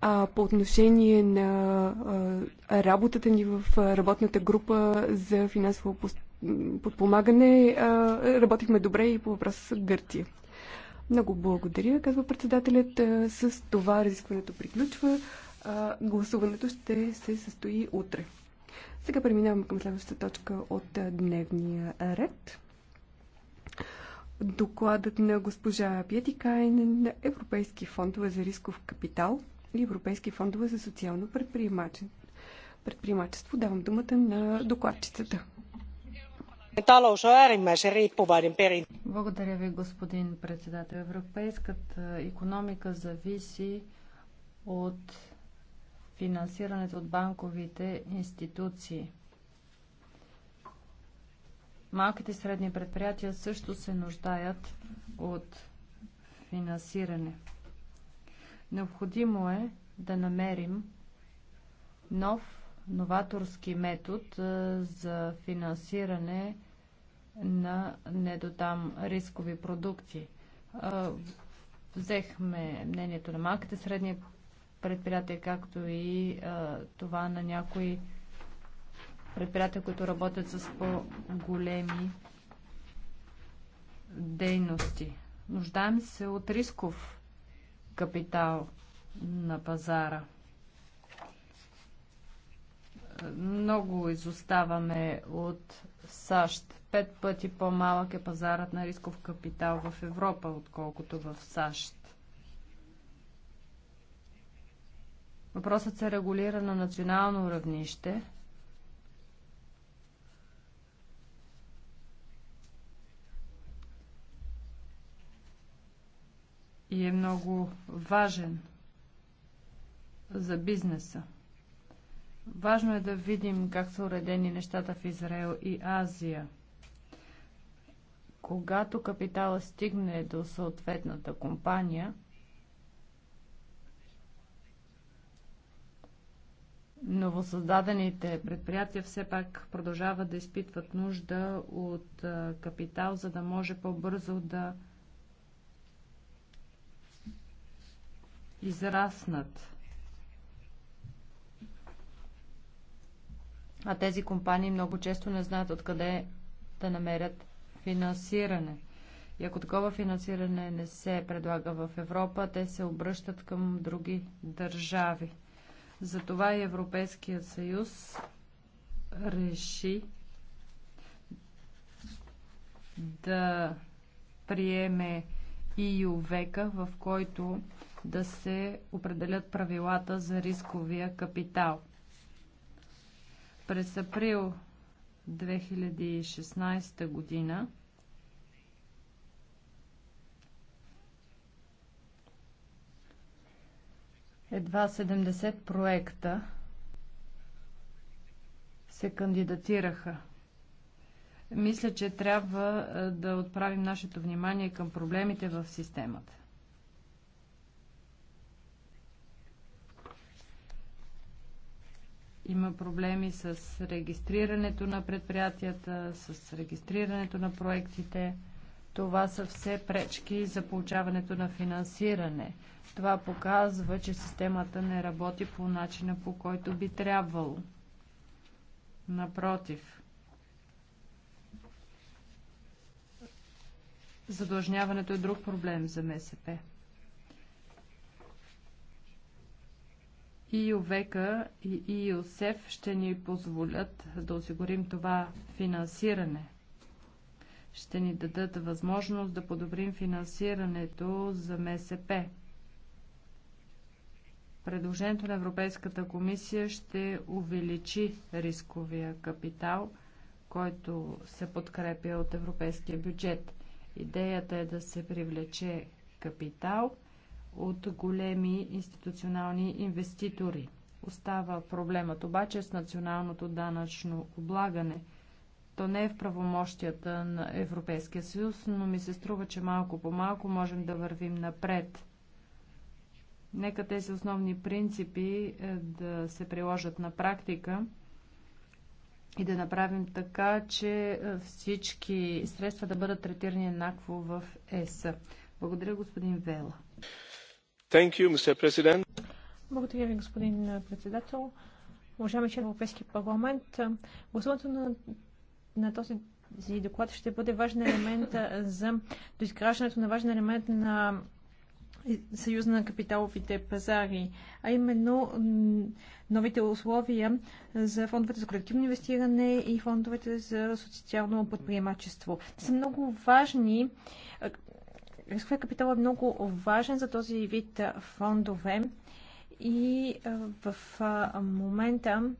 А по отношение на а, работата ни в работната група за финансово подпомагане, а, работихме добре и по въпроса с Гърция. Много благодаря, казва председателят. С това разискването приключва. А, гласуването ще се състои утре. Сега преминаваме към следващата точка от дневния ред. Докладът на госпожа Пиети Кайнен на Европейски фондове за рисков капитал – и Европейски фондове за социално предприемачество. Давам думата на докладчицата. Благодаря ви, господин председател. Европейската економика зависи от финансирането от банковите институции. Малките и средни предприятия също се нуждаят от финансиране. Необходимо е да намерим нов новаторски метод за финансиране на недотам рискови продукти. Взехме мнението на малките средни предприятия, както и това на някои предприятия, които работят с по-големи дейности. Нуждаем се от рисков капитал на пазара. Много изоставаме от САЩ. Пет пъти по-малък е пазарът на рисков капитал в Европа, отколкото в САЩ. Въпросът се регулира на национално равнище – и е много важен за бизнеса. Важно е да видим как са уредени нещата в Израел и Азия. Когато капитала стигне до съответната компания, новосъздадените предприятия все пак продължават да изпитват нужда от капитал, за да може по-бързо да израснат. А тези компании много често не знаят откъде да намерят финансиране. И ако такова финансиране не се предлага в Европа, те се обръщат към други държави. Затова и Европейският съюз реши да приеме и века, в който да се определят правилата за рисковия капитал. През април 2016 година едва 70 проекта се кандидатираха. Мисля, че трябва да отправим нашето внимание към проблемите в системата. Има проблеми с регистрирането на предприятията, с регистрирането на проектите. Това са все пречки за получаването на финансиране. Това показва, че системата не работи по начина, по който би трябвало. Напротив, задлъжняването е друг проблем за МСП. и Овека и ИОСЕФ ще ни позволят да осигурим това финансиране. Ще ни дадат възможност да подобрим финансирането за МСП. Предложението на Европейската комисия ще увеличи рисковия капитал, който се подкрепя от европейския бюджет. Идеята е да се привлече капитал – от големи институционални инвеститори. Остава проблемът обаче с националното данъчно облагане. То не е в правомощията на Европейския съюз, но ми се струва, че малко по малко можем да вървим напред. Нека тези основни принципи е, да се приложат на практика и да направим така, че е, всички средства да бъдат третирани еднакво в ЕС. Благодаря, господин Вела. Благодаря ви, господин председател. Уважаеми член Европейски парламент, гласуването на, на този доклад ще бъде важен елемент за доизграждането на важен елемент на Съюза на капиталовите пазари, а именно новите условия за фондовете за колективно инвестиране и фондовете за социално подприемачество. Те са много важни Рисковия капитал е много важен за този вид фондове и в момента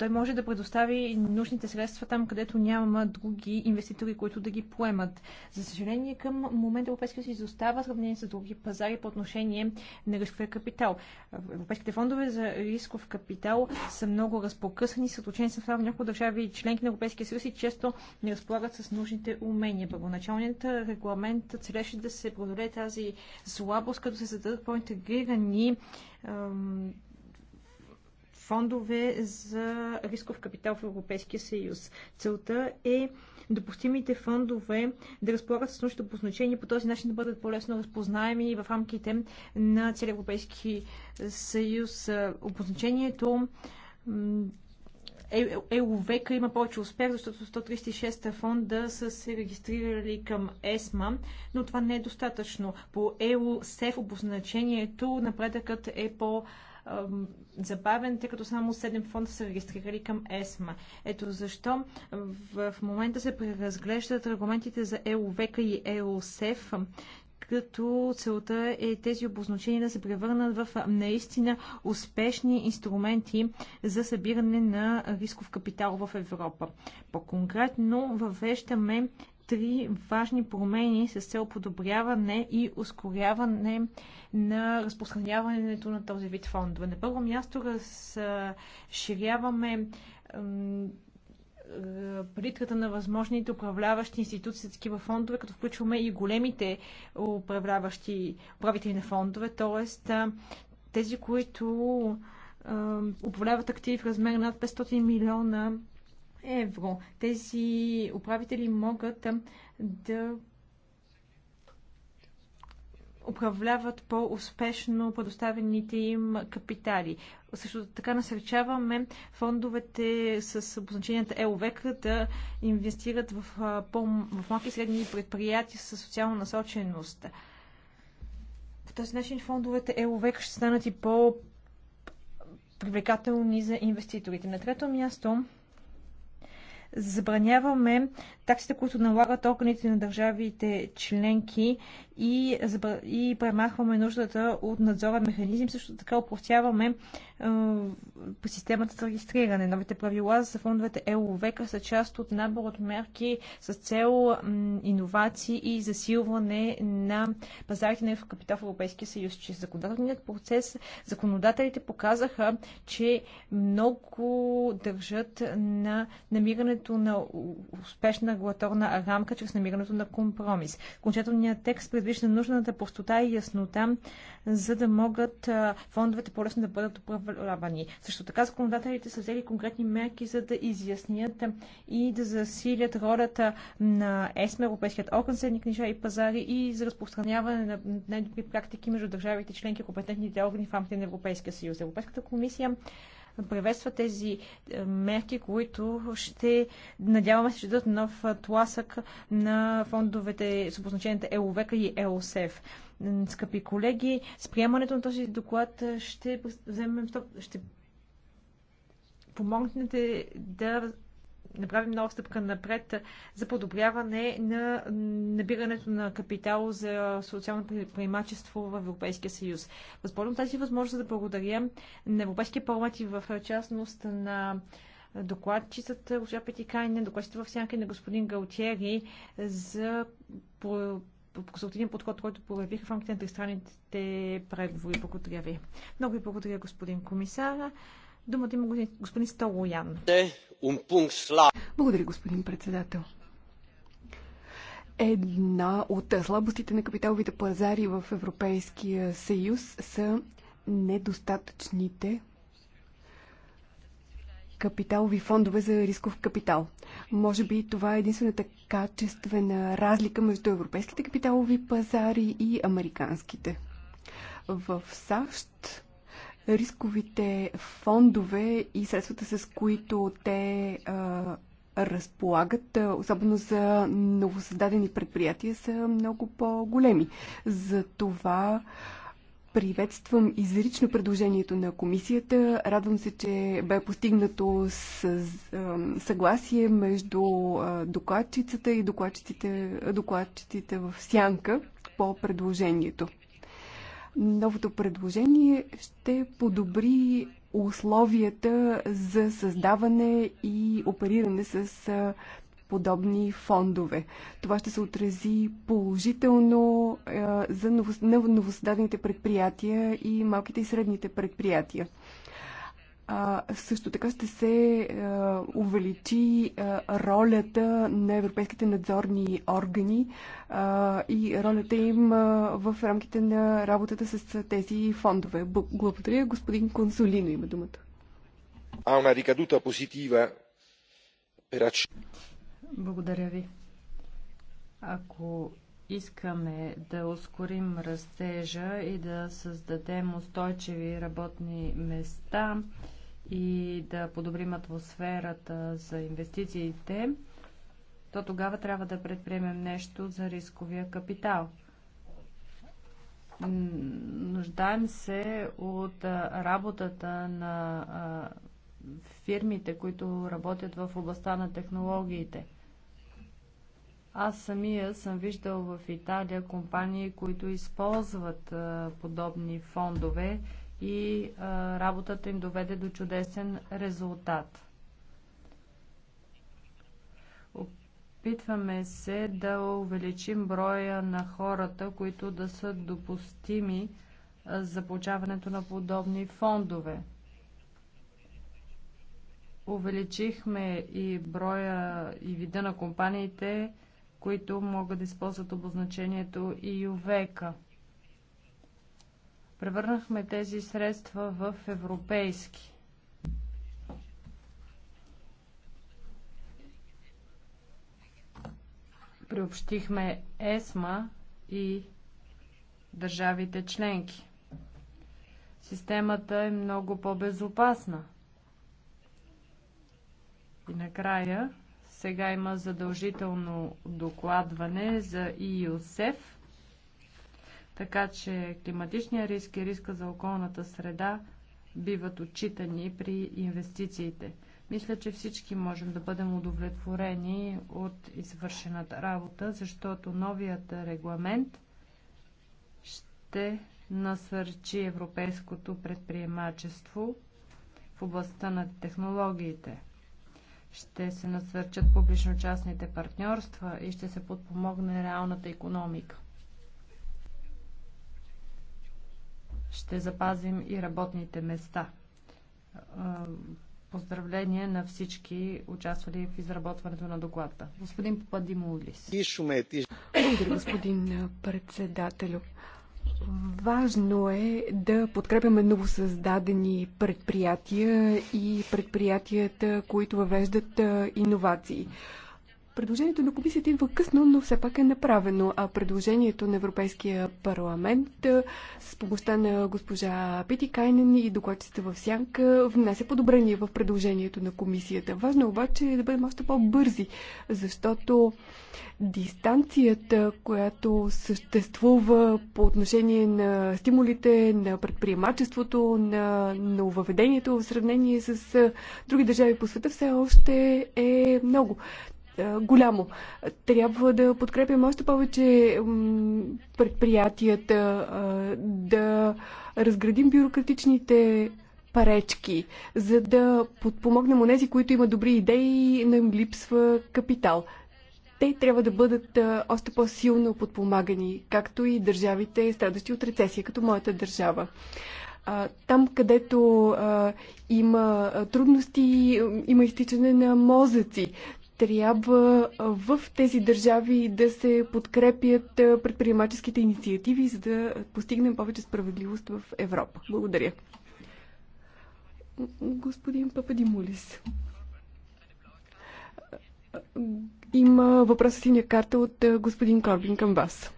той може да предостави нужните средства там, където няма други инвеститори, които да ги поемат. За съжаление, към момента Европейския съюз изостава сравнение с други пазари по отношение на рисковия капитал. Европейските фондове за рисков капитал са много разпокъсани, съточени са в някои държави членки на Европейския съюз и често не разполагат с нужните умения. Първоначалният регламент целеше да се преодолее тази слабост, като се зададат по-интегрирани фондове за рисков капитал в Европейския съюз. Целта е допустимите фондове да разполагат с нужното позначение по този начин да бъдат по-лесно разпознаеми в рамките на целия Европейски съюз. Обозначението ЕОВК има повече успех, защото 136 фонда са се регистрирали към ЕСМА, но това не е достатъчно. По ЕОСЕФ обозначението напредъкът е по- забавен, тъй като само 7 фонда са регистрирали към ЕСМА. Ето защо в момента се преразглеждат аргументите за ЕОВК и ЕОСЕФ, като целта е тези обозначения да се превърнат в наистина успешни инструменти за събиране на рисков капитал в Европа. По-конкретно въвеждаме три важни промени с цел подобряване и ускоряване на разпространяването на този вид фондове. На първо място разширяваме палитрата на възможните управляващи институции за такива фондове, като включваме и големите управляващи управители на фондове, т.е. тези, които управляват активи в размер над 500 милиона евро. Тези управители могат да управляват по-успешно предоставените им капитали. Също така насърчаваме фондовете с обозначенията ЕОВЕК да инвестират в, по- в малки и средни предприятия със социална насоченост. По този начин фондовете ЕОВЕК ще станат и по- привлекателни за инвеститорите. На трето място забраняваме таксите, които налагат органите на държавите членки и, и премахваме нуждата от надзорен механизъм. Също така опростяваме е, по системата за регистриране. Новите правила за фондовете ЕОВК са част от набор от мерки с цел иновации и засилване на пазарите на капитал в Европейския съюз. Че законодателният процес, законодателите показаха, че много държат на намирането на успешна регулаторна рамка чрез намирането на компромис. Окончателният текст предвижда предвижда нужната простота и яснота, за да могат фондовете по-лесно да бъдат управлявани. Също така законодателите са взели конкретни мерки, за да изяснят и да засилят ролята на ЕСМЕ, Европейският орган за книжа и пазари и за разпространяване на най-добри практики между държавите членки, компетентните органи в рамките на Европейския съюз. Европейската комисия приветства тези е, мерки, които ще, надяваме се, ще дадат нов е, тласък на фондовете с обозначените ЕОВК и ЕОСЕФ. Скъпи колеги, с приемането на този доклад е, ще вземем, ще помогнете да направим нова стъпка напред за подобряване на набирането на капитал за социално предприемачество в Европейския съюз. Възползвам тази възможност да благодаря на Европейския парламент и в частност на докладчицата госпожа Петикайна, докладчицата в сянка на господин Галтиери за консултативен подход, който проявиха в рамките на тристранните преговори. Благодаря ви. Много ви благодаря, господин комисар. Думата има господин Столоян. Е, Благодаря, господин председател. Една от слабостите на капиталовите пазари в Европейския съюз са недостатъчните капиталови фондове за рисков капитал. Може би това е единствената качествена разлика между европейските капиталови пазари и американските. В САЩ рисковите фондове и средствата, с които те а, разполагат, особено за новосъздадени предприятия, са много по-големи. За това приветствам изрично предложението на комисията. Радвам се, че бе постигнато с, съгласие между докладчицата и докладчиците, докладчиците в сянка по предложението. Новото предложение ще подобри условията за създаване и опериране с подобни фондове. Това ще се отрази положително за новосъздадените предприятия и малките и средните предприятия. А, също така ще се а, е, увеличи а, е, ролята на европейските надзорни органи а, е, и ролята им а, в рамките на работата с тези фондове. Благодаря. Господин Консолино има думата. А Благодаря ви. Ако искаме да ускорим растежа и да създадем устойчиви работни места, и да подобрим атмосферата за инвестициите, то тогава трябва да предприемем нещо за рисковия капитал. Нуждаем се от работата на фирмите, които работят в областта на технологиите. Аз самия съм виждал в Италия компании, които използват подобни фондове и а, работата им доведе до чудесен резултат. Опитваме се да увеличим броя на хората, които да са допустими за получаването на подобни фондове. Увеличихме и броя и вида на компаниите, които могат да използват обозначението и ювека. Превърнахме тези средства в европейски. Приобщихме ЕСМА и държавите членки. Системата е много по-безопасна. И накрая сега има задължително докладване за ИОСЕФ. Така че климатичният риск и риска за околната среда биват отчитани при инвестициите. Мисля, че всички можем да бъдем удовлетворени от извършената работа, защото новият регламент ще насърчи европейското предприемачество в областта на технологиите. Ще се насърчат публично-частните партньорства и ще се подпомогне реалната економика. ще запазим и работните места. Поздравление на всички участвали в изработването на доклада. Господин Пападимо Улис. Благодаря, господин председателю. Важно е да подкрепяме новосъздадени предприятия и предприятията, които въвеждат иновации. Предложението на комисията идва късно, но все пак е направено, а предложението на Европейския парламент с помощта на госпожа Пити Кайнен и докладчета в Сянка внесе подобрение в предложението на комисията. Важно е обаче е да бъдем още по-бързи, защото дистанцията, която съществува по отношение на стимулите, на предприемачеството, на нововведението в сравнение с други държави по света, все още е много. Е, голямо. Трябва да подкрепим още повече предприятията, е, да разградим бюрократичните паречки, за да подпомогнем онези, които имат добри идеи и не им липсва капитал. Те трябва да бъдат е, още по-силно подпомагани, както и държавите, страдащи от рецесия, като моята държава там, където а, има трудности, има изтичане на мозъци трябва в тези държави да се подкрепят предприемаческите инициативи, за да постигнем повече справедливост в Европа. Благодаря. Господин Пападимулис. Има въпрос с синя карта от господин Корбин към вас.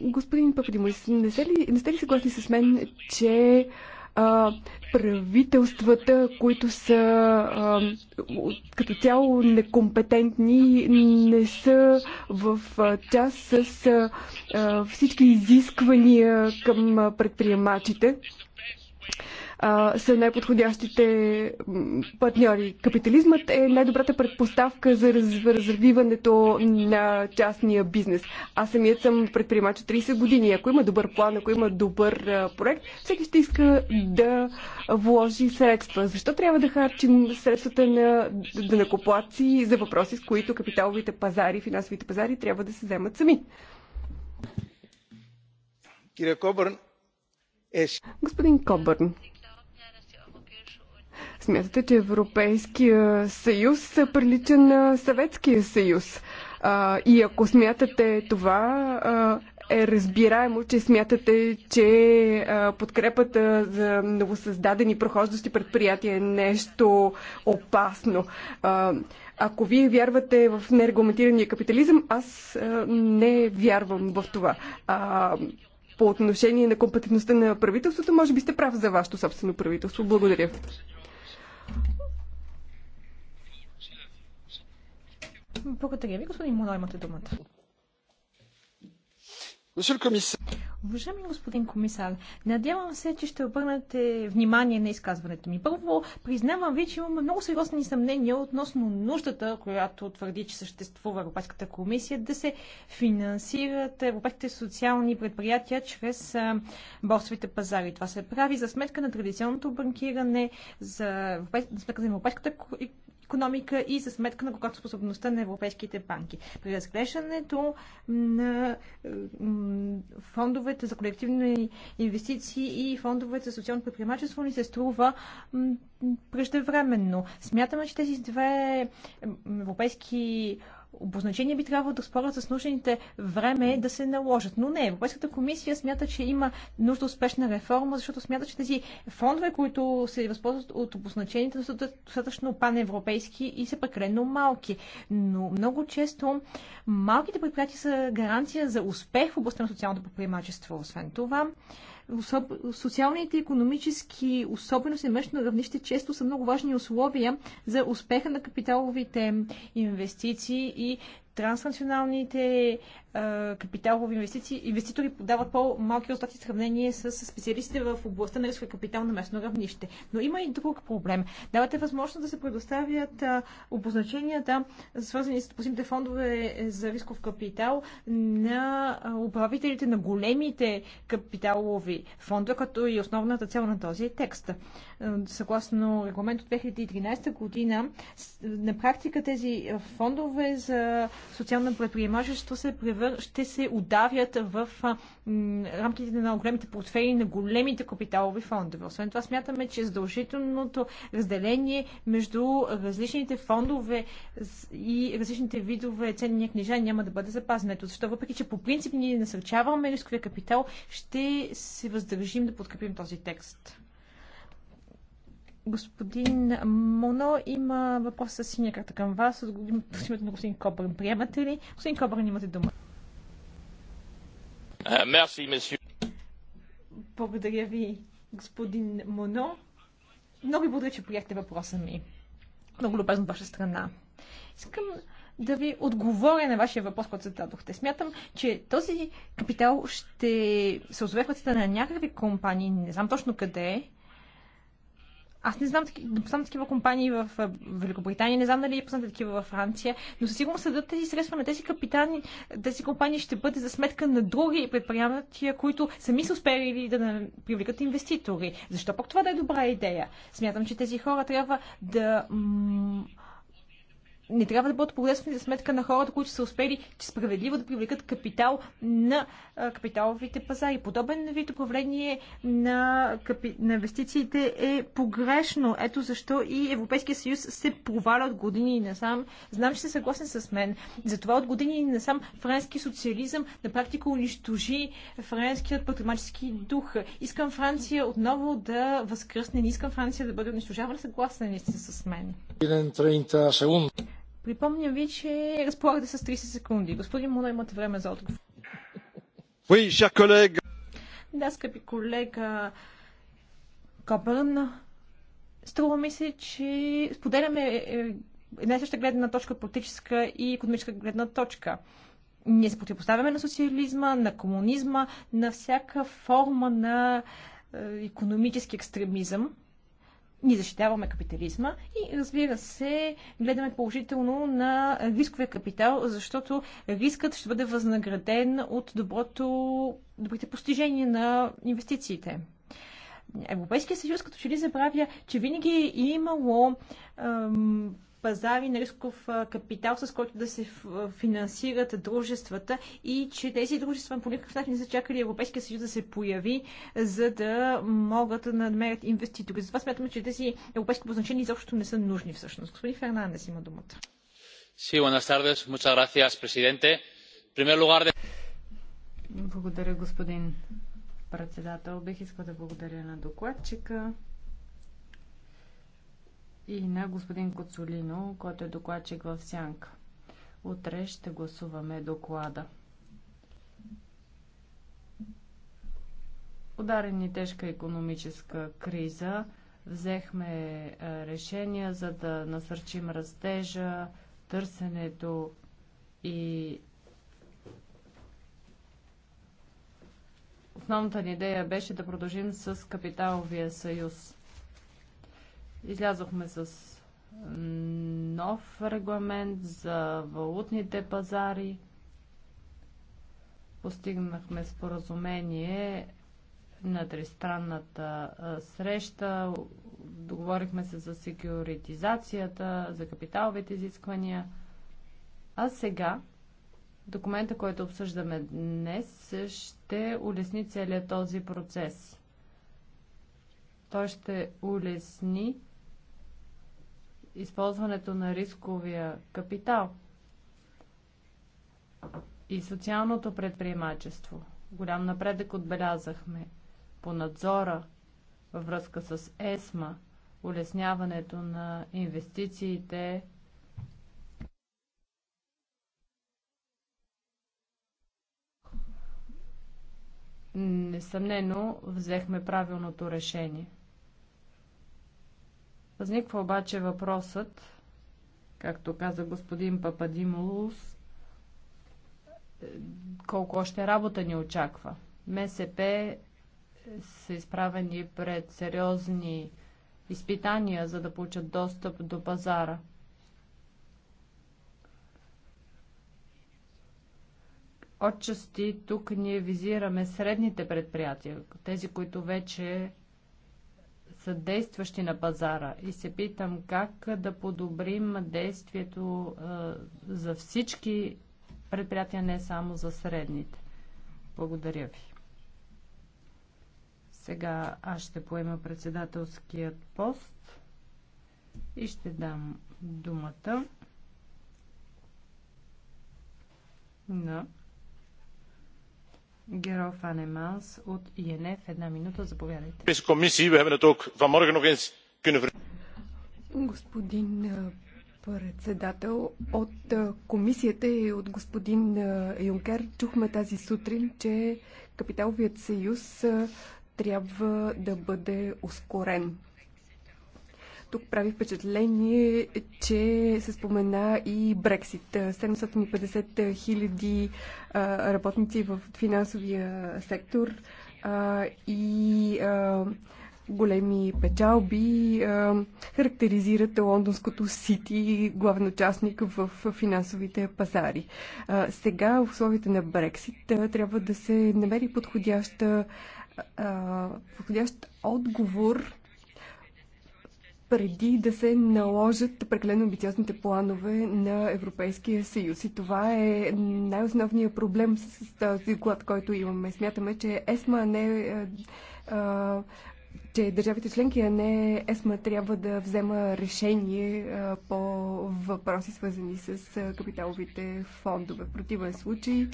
Господин Пападимулис, не сте ли, не сте ли съгласни с мен, че а, правителствата, които са а, като цяло некомпетентни, не са в част с а, всички изисквания към предприемачите а, са най-подходящите партньори. Капитализмът е най-добрата предпоставка за раз, развиването на частния бизнес. Аз самият съм предприемач от 30 години. Ако има добър план, ако има добър а, проект, всеки ще иска да вложи средства. Защо трябва да харчим средствата на данакоплаци за въпроси, с които капиталовите пазари, финансовите пазари трябва да се вземат сами? Господин Кобърн, смятате, че Европейския съюз прилича на Съветския съюз. А, и ако смятате това, а, е разбираемо, че смятате, че а, подкрепата за новосъздадени прохождащи предприятия е нещо опасно. А, ако вие вярвате в нерегламентирания капитализъм, аз а, не вярвам в това. А, по отношение на компетентността на правителството, може би сте прав за вашето собствено правителство. Благодаря. Благодаря ви, господин Мора, имате думата. Уважаеми господин комисар, надявам се, че ще обърнете внимание на изказването ми. Първо, признавам ви, че имаме много сериозни съмнения относно нуждата, която твърди, че съществува Европейската комисия, да се финансират европейските социални предприятия чрез борсовите пазари. Това се прави за сметка на традиционното банкиране, за, за сметка на Европейската економика и за сметка на когато способността на европейските банки. При разглеждането на фондовете за колективни инвестиции и фондовете за социално предприемачество ни се струва преждевременно. Смятаме, че тези две европейски обозначения би трябвало да спорят с нужните време да се наложат. Но не, Европейската комисия смята, че има нужда успешна реформа, защото смята, че тези фондове, които се възползват от обозначенията, са достатъчно паневропейски и са прекалено малки. Но много често малките предприятия са гаранция за успех в областта на социалното предприемачество. Освен това, особ... социалните и економически особености на местно равнище често са много важни условия за успеха на капиталовите инвестиции и транснационалните а, капиталови инвестиции, инвеститори подават по-малки остатки в сравнение с специалистите в областта на рисков капитал на местно равнище. Но има и друг проблем. Давате възможност да се предоставят а, обозначенията, свързани с допустимите фондове е, за рисков капитал на управителите на големите капиталови фондове, като и основната цел на този текст. Съгласно регламент от 2013 година, на практика тези фондове за социално предприемачество се превър... ще се удавят в рамките на големите портфели на големите капиталови фондове. Освен това смятаме, че задължителното разделение между различните фондове и различните видове ценни книжа няма да бъде запазено. Защо въпреки, че по принцип ние насърчаваме рисковия капитал, ще се въздържим да подкрепим този текст. Господин Моно има въпрос с синя карта към вас. С името на господин Кобърн. Приемате ли? Господин Кобърн, имате дума. Мерси, Благодаря ви, господин Моно. Много ви благодаря, че приехте въпроса ми. Много любезно от ваша страна. Искам да ви отговоря на вашия въпрос, който зададохте. Смятам, че този капитал ще се озове в на някакви компании, не знам точно къде, аз не знам, не такива компании в Великобритания, не знам дали е познати такива във Франция, но със сигурност съдът тези средства на тези капитани, тези компании ще бъде за сметка на други предприятия, които сами са успели да привлекат инвеститори. Защо пък това да е добра идея? Смятам, че тези хора трябва да не трябва да бъдат погледствани за сметка на хората, които са успели че справедливо да привлекат капитал на капиталовите пазари. Подобен вид управление на, капи... на инвестициите е погрешно. Ето защо и Европейския съюз се проваля от години насам. Знам, че сте съгласен с мен. Затова от години насам френски социализъм на практика унищожи френският патриматически дух. Искам Франция отново да възкръсне. Не искам Франция да бъде унищожавана. Съгласен ли сте с мен? 30 секунди. Припомням ви, че разполагате с 30 секунди. Господин Муна, имате време за отговор. Oui, cher collègue. Да, скъпи колега Кобърн, струва ми се, че споделяме една и съща гледна точка, политическа и економическа гледна точка. Ние се противопоставяме на социализма, на комунизма, на всяка форма на е, економически екстремизъм ни защитаваме капитализма и разбира се, гледаме положително на рисковия капитал, защото рискът ще бъде възнаграден от доброто, добрите постижения на инвестициите. Европейския съюз като че ли забравя, че винаги е имало ем, пазари на рисков капитал, с който да се финансират дружествата и че тези дружества по никакъв начин не са чакали Европейския съюз да се появи, за да могат да намерят инвеститори. Затова смятаме, че тези европейски позначения изобщо не са нужни всъщност. Господин Фернандес има думата. Sí, buenas tardes. Muchas gracias, presidente. En primer lugar... De... Благодаря, господин председател. Бих искал да благодаря на докладчика и на господин Коцолино, който е докладчик в Сянка. Утре ще гласуваме доклада. Ударени тежка економическа криза, взехме е, решения за да насърчим растежа, търсенето и основната ни идея беше да продължим с капиталовия съюз. Излязохме с нов регламент за валутните пазари. Постигнахме споразумение на тристранната среща. Договорихме се за секюритизацията, за капиталовите изисквания. А сега документа, който обсъждаме днес, ще улесни целият този процес. Той ще улесни използването на рисковия капитал и социалното предприемачество. Голям напредък отбелязахме по надзора във връзка с ЕСМА, улесняването на инвестициите несъмнено взехме правилното решение. Възниква обаче въпросът, както каза господин Пападимолус, колко още работа ни очаква. МСП са изправени пред сериозни изпитания, за да получат достъп до пазара. Отчасти тук ние визираме средните предприятия, тези, които вече са действащи на пазара и се питам как да подобрим действието за всички предприятия, не само за средните. Благодаря ви. Сега аз ще поема председателският пост и ще дам думата на. No. Геро Фанеманс от ИНФ. Една минута, заповядайте. Господин е, председател, от е, комисията и е от господин Юнкер чухме тази сутрин, че капиталовият съюз трябва да бъде ускорен. Тук прави впечатление, че се спомена и Брексит. 750 хиляди работници в финансовия сектор и големи печалби характеризират лондонското сити, главен участник в финансовите пазари. Сега в условията на Брексит трябва да се намери подходяща подходящ отговор преди да се наложат прекалено амбициозните планове на Европейския съюз. И това е най-основният проблем с този глад, който имаме. Смятаме, че ЕСМА не е, е, а, че държавите членки, а не ЕСМА трябва да взема решение а, по въпроси, свързани с капиталовите фондове. В противен случай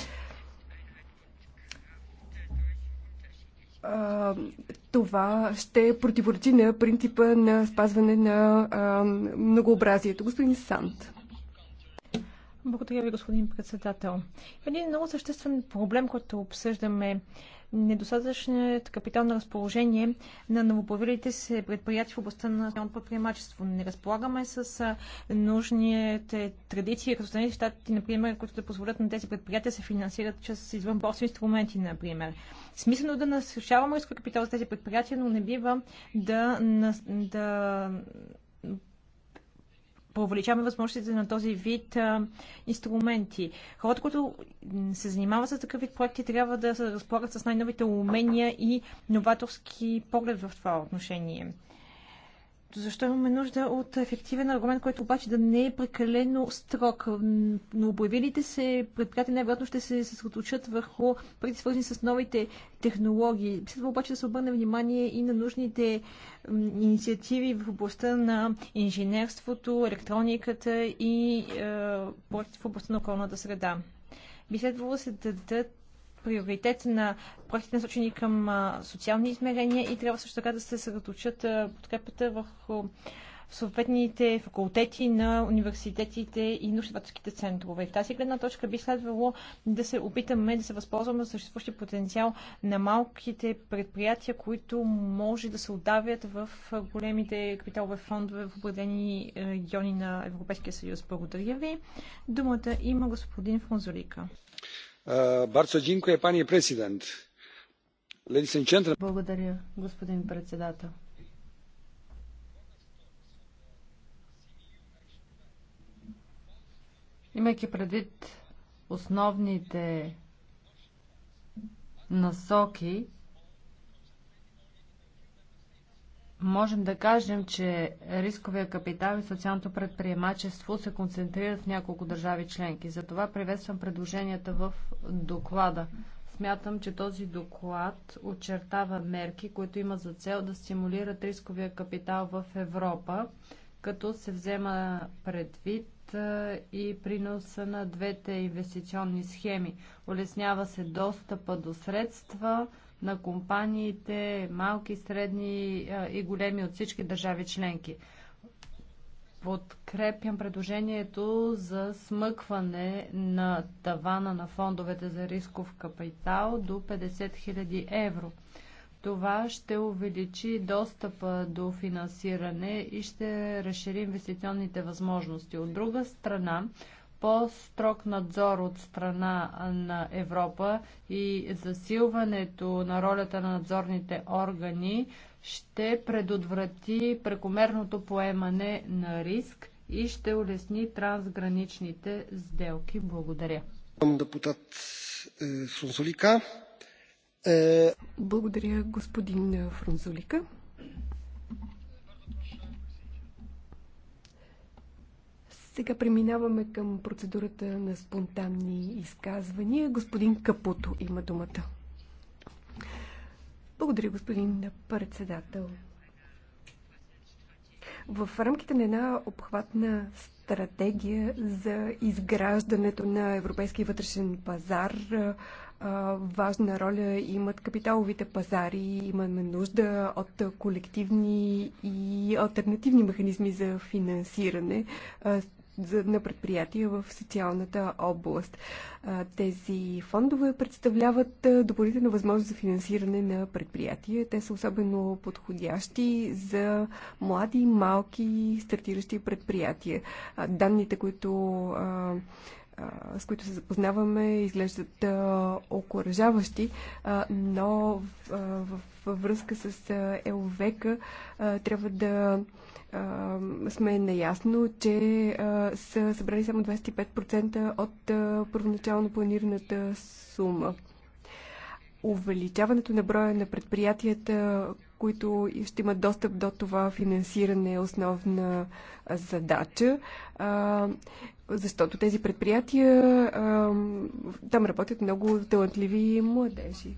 това ще противоречи на принципа на спазване на а, многообразието. Господин Сант. Благодаря ви, господин председател. Един много съществен проблем, който обсъждаме недостатъчният е капитал на разположение на новоплавилите се предприятия в областта на националното предприемачество. Не разполагаме с нужните традиции, като страните щати, например, които да позволят на тези предприятия се финансират чрез извънборсови инструменти, например. Смислено е да насъщаваме риска капитал за тези предприятия, но не бива да, да увеличаваме възможностите на този вид а, инструменти. Хората, които се занимават с такъв вид проекти, трябва да се разполагат с най-новите умения и новаторски поглед в това отношение защо имаме нужда от ефективен аргумент, който обаче да не е прекалено строг. Но обявилите се предприятия най-вероятно ще се съсредоточат върху преди свързани с новите технологии. Следва обаче да се обърне внимание и на нужните инициативи в областта на инженерството, електрониката и е, проекти в областта на околната среда. Би следвало да се дадат приоритет на проектите насочени към социални измерения и трябва също така да се съсредоточат подкрепата върху съответните факултети на университетите и научно центрове. В тази гледна точка би следвало да се опитаме да се възползваме от съществуващия потенциал на малките предприятия, които може да се отдавят в големите капиталови фондове в определени е, региони на Европейския съюз. Благодаря ви. Думата има господин Фонзолика. Е Благодаря, господин председател. Имайки предвид основните насоки, можем да кажем, че рисковия капитал и социалното предприемачество се концентрират в няколко държави членки. Затова приветствам предложенията в доклада. Смятам, че този доклад очертава мерки, които има за цел да стимулират рисковия капитал в Европа, като се взема предвид и приноса на двете инвестиционни схеми. Улеснява се достъпа до средства, на компаниите, малки, средни и големи от всички държави членки. Подкрепям предложението за смъкване на тавана на фондовете за рисков капитал до 50 000 евро. Това ще увеличи достъпа до финансиране и ще разшири инвестиционните възможности. От друга страна, по-строг надзор от страна на Европа и засилването на ролята на надзорните органи ще предотврати прекомерното поемане на риск и ще улесни трансграничните сделки. Благодаря. Депутат Сунзолика. Е, е, Благодаря, господин Фрунзолика. Сега преминаваме към процедурата на спонтанни изказвания. Господин Капуто има думата. Благодаря, господин председател. В рамките на една обхватна стратегия за изграждането на европейски вътрешен пазар, важна роля имат капиталовите пазари. Имаме нужда от колективни и альтернативни механизми за финансиране на предприятия в социалната област. Тези фондове представляват допълнителна възможност за финансиране на предприятия. Те са особено подходящи за млади, малки, стартиращи предприятия. Данните, които с които се запознаваме, изглеждат окоръжаващи, но във връзка с ЕОВК трябва да сме наясно, че са събрали само 25% от първоначално планираната сума. Увеличаването на броя на предприятията, които ще имат достъп до това финансиране е основна задача, защото тези предприятия, там работят много талантливи младежи.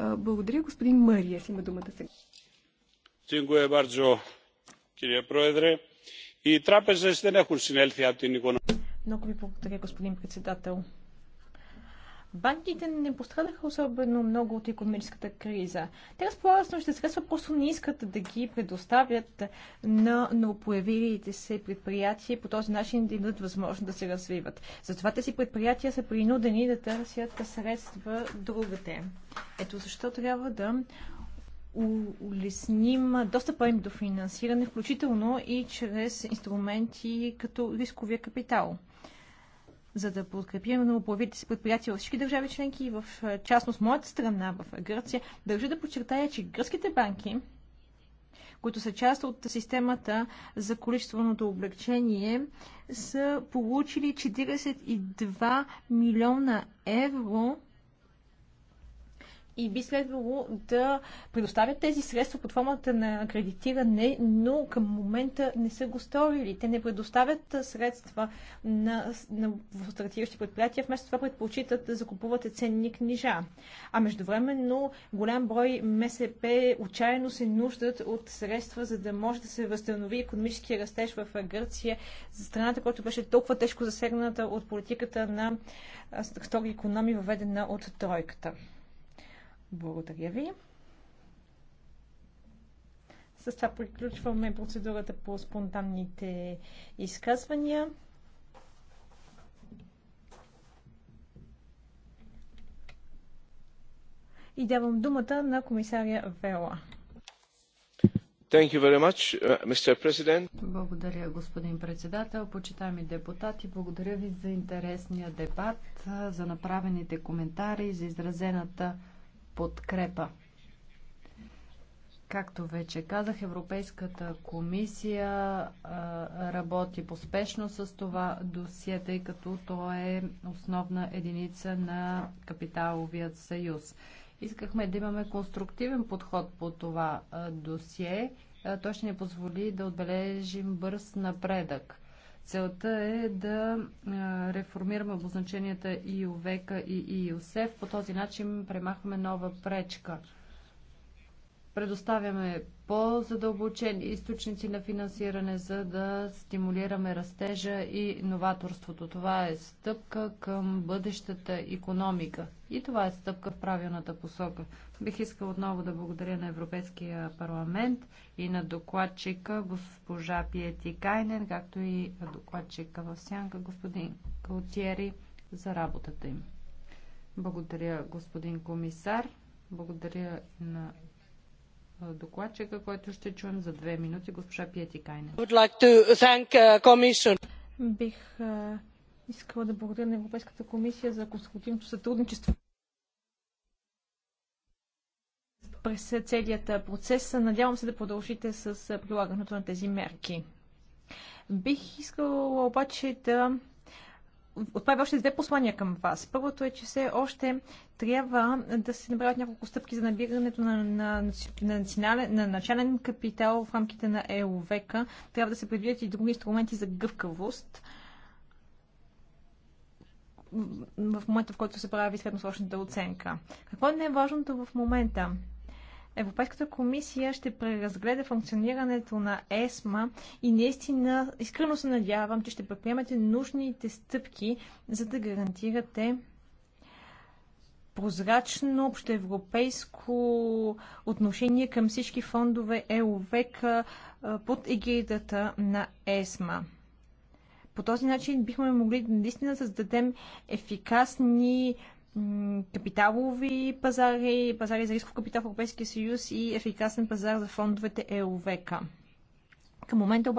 Благодаря, господин Мария, си има думата сега. Dziękuję bardzo, κύριε Πρόεδρε. Οι τράπεζες δεν έχουν συνέλθει από την Много ви благодаря, господин председател. Банките не пострадаха особено много от економическата криза. Те разполагат с нощите средства, просто не искат да ги предоставят на новопоявилите се предприятия и по този начин да им дадат възможност да се развиват. Затова тези предприятия са принудени да търсят средства другите. Ето защо трябва да улесним достъпа им до финансиране, включително и чрез инструменти като рисковия капитал за да подкрепим новоплавите си предприятия във всички държави членки и в е, частност моята страна в Гърция, държа да подчертая, че гръцките банки, които са част от системата за количественото облегчение, са получили 42 милиона евро и би следвало да предоставят тези средства под формата на кредитиране, но към момента не са го сторили. Те не предоставят средства на, на стартиращи предприятия, вместо това предпочитат да закупувате ценни книжа. А междувременно голям брой МСП отчаяно се нуждат от средства, за да може да се възстанови економическия растеж в Гърция, за страната, която беше толкова тежко засегната от политиката на стори економи, въведена от тройката. Благодаря ви. С това приключваме процедурата по спонтанните изказвания. И давам думата на комисаря Вела. Much, uh, благодаря, господин председател. Почитаеми депутати, благодаря ви за интересния дебат, за направените коментари, за изразената подкрепа. Както вече казах, Европейската комисия работи поспешно с това досие, тъй като то е основна единица на капиталовият съюз. Искахме да имаме конструктивен подход по това досие. Той ще ни позволи да отбележим бърз напредък. Целта е да реформираме обозначенията и Овека и ИОСЕФ. По този начин премахваме нова пречка – Предоставяме по-задълбочени източници на финансиране, за да стимулираме растежа и новаторството. Това е стъпка към бъдещата економика. И това е стъпка в правилната посока. Бих искал отново да благодаря на Европейския парламент и на докладчика госпожа Пиети Кайнен, както и на докладчика в сянка господин Калтиери за работата им. Благодаря, господин комисар. Благодаря на докладчика, който ще чуем за две минути, госпожа Пиети Кайне. Uh, Бих искала да благодаря на Европейската комисия за конструктивното сътрудничество през целият процес. Надявам се да продължите с прилагането на тези мерки. Бих искала обаче да отправя още две послания към вас. Първото е, че все още трябва да се направят няколко стъпки за набирането на, на, на, национален, на начален капитал в рамките на ЕОВК. Трябва да се предвидят и други инструменти за гъвкавост в момента, в който се прави средносрочната оценка. Какво е най-важното в момента? Европейската комисия ще преразгледа функционирането на ЕСМА и наистина искрено се надявам, че ще предприемете нужните стъпки, за да гарантирате прозрачно общоевропейско отношение към всички фондове ЕОВЕК под егидата на ЕСМА. По този начин бихме могли наистина да създадем ефикасни капиталови пазари, пазари за рисков капитал в Европейския съюз и ефикасен пазар за фондовете ЕОВК. Към момента